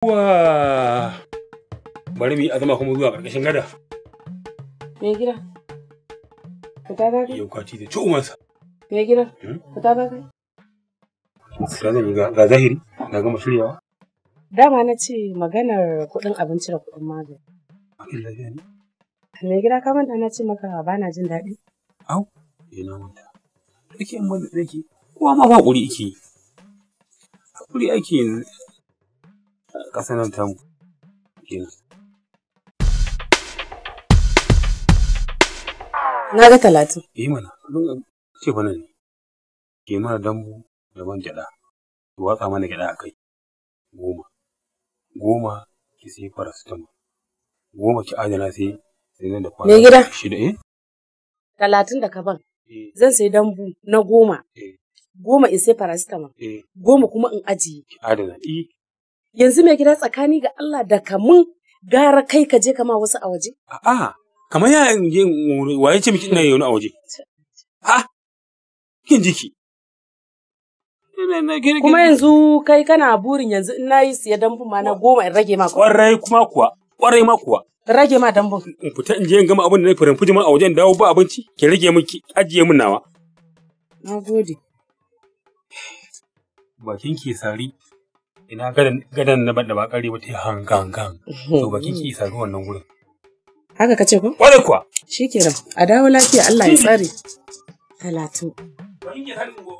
Wa bari mu yi azama kuma zuwa ƙarƙashin gada. Me gida? Fita ta ka yi? Yau kwaci da ci umarsa. Me gida? Hmm? Fita ta kai. yi? zan yi ga zahiri na gama shiryawa. Dama na ce maganar kuɗin abinci da kuɗin magani. Akin lafiya ne? Me gida ka manta na ce maka ba na jin daɗi? Au, ina eh, manta. Ɗauke in manta ɗauke. Kowa ma ba ƙuri ake yi. Ƙuri ake yi kasa nan tamu na ga talatin Eh mana ce mana ne ke mana dambu da man gyaɗa ki watsa mana gyaɗa a kai goma goma ki sai paracetamol goma ki adana sai sai nan da kwana gida shida eh talatin da ka ban eh. zan sai dambu na goma eh. goma in sai paracetamol eh. goma kuma in ajiye adana eh Yanzu mai gida tsakani ga Allah da kamun gara kai ka je kama wasu a waje? A'a, kamar ya waye ce miki ina yau a waje? A, kin jiki. Kuma yanzu kai kana burin yanzu ina yi siya dambun ma na goma in rage ma kuwa. Ƙwarai kuma kuwa, kwarai ma kuwa. Rage ma dambun. In fita in je in gama abin da na furin ma a wajen dawo ba abinci, ki rage min ki ajiye min nawa. Na gode. Bakin ke sari. ina gadan na da ba kare ba ta hangangan hmm. to ba ki isa ga wannan gurin haka kace ko kware kuwa shikenan a dawo lafiya Allah ya tsare talatu